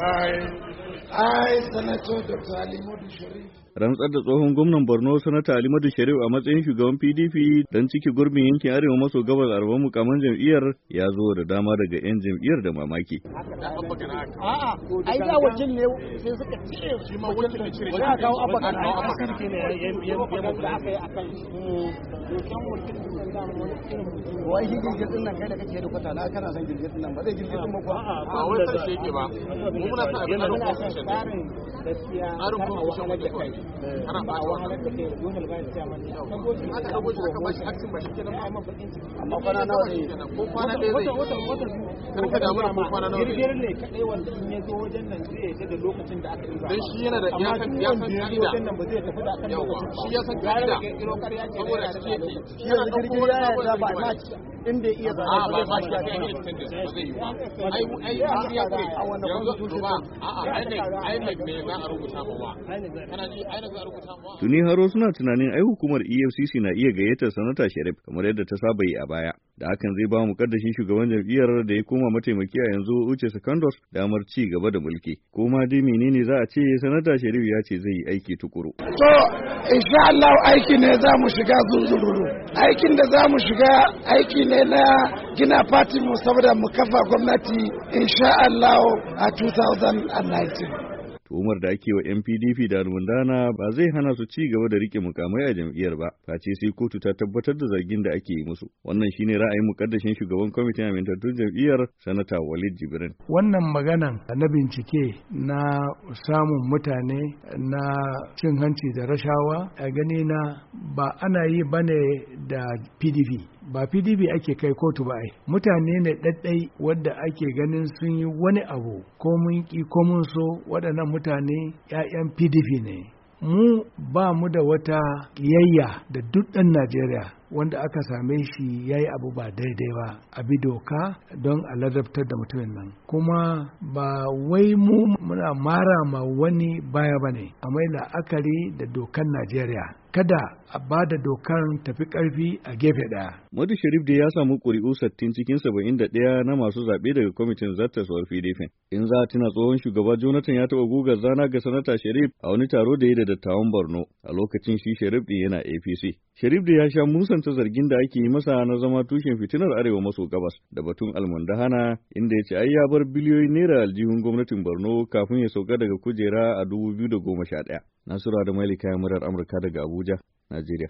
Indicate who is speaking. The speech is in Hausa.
Speaker 1: Aye. Aye, Senator Dr. Ali Modi Sharif.
Speaker 2: rantsar da tsohon gwamnan Borno sanata Ali Madu a matsayin shugaban PDP don ciki gurbin yankin Arewa maso gabas arba'in mukamman jam'iyyar ya zo da dama daga 'yan jam'iyyar da mamaki.
Speaker 1: A'a, ai da wajen ne. ana ba ne shi amma kwana nawa ne ko kwana ɗaya zai wata wata kar ka damu ko kwana nawa ne girgir ne kadai wanda in ya wajen nan zai yadda da lokacin da aka yi ba dan shi yana da ya san ya san ka'ida wajen nan ba zai tafi da akan lokacin shi ya san ka'ida saboda shi shi yana ya ba inda iya ba ba ba shi ya kai ne ba zai yi ba ai ai ya kai yanzu A a'a ai ne ai ne me za a rubuta ba kana ji
Speaker 2: Tuni haro suna tunanin ai hukumar EFCC na iya gayyatar sanata Sharif kamar yadda ta saba yi a baya. Da hakan zai ba mu kaddashin shugaban jam'iyyar da ya koma mataimaki a yanzu Uche Secondos damar ci gaba da mulki. Ko ma dai menene za a ce sanata Sharif ya ce zai yi aiki tukuru.
Speaker 1: To insha Allah aiki ne za mu shiga zunzururu. Aikin da za mu shiga aiki ne na gina fati mu saboda mu kafa gwamnati insha Allah a 2019.
Speaker 2: Tuhumar da ake wa 'yan PDP da Rundana ba zai hana su ci gaba da rike mukamai a jam'iyyar ba, kace sai kotu ta tabbatar da zargin da ake yi musu. Wannan shine ra'ayin mukaddashin shugaban kwamitin amintattun jam'iyyar Sanata Walid Jibrin.
Speaker 1: Wannan maganan na bincike na samun mutane na cin hanci da rashawa a gani na ba ana yi bane da PDP. ba pdp ake kai kotu ba ai mutane ne ɗaɗɗai wadda ake ganin sun yi wani abu ko mun ki ko mun so waɗannan mutane ƴaƴan pdp ne mu ba mu da wata yayya da duk ɗan najeriya wanda aka same shi ya yi abu ba daidai ba a bi doka don a ladabtar da mutumin nan kuma ba wai mu muna mara ma wani baya ba ne a mai la'akari da dokan najeriya kada a ba da dokar tafi karfi a gefe ɗaya.
Speaker 2: Madu Sharif da ya samu ƙuri'u sattin cikin saba'in ɗaya na masu zaɓe daga kwamitin zartaswar PDP. In za a tuna tsohon shugaba Jonathan ya taɓa guga zana ga sanata Sharif a wani taro da ya da dattawan Borno a lokacin shi Sharif ɗin yana APC. Sharif da ya sha musanta zargin da ake yi masa na zama tushen fitinar arewa maso gabas da batun almundahana inda ya ce ai ya bar biliyoyin naira aljihun gwamnatin Borno kafin ya sauka daga kujera a 2011. Nasura da Malika ya murar Amurka daga Abuja, Najeriya.